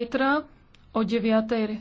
Zajtra o 9.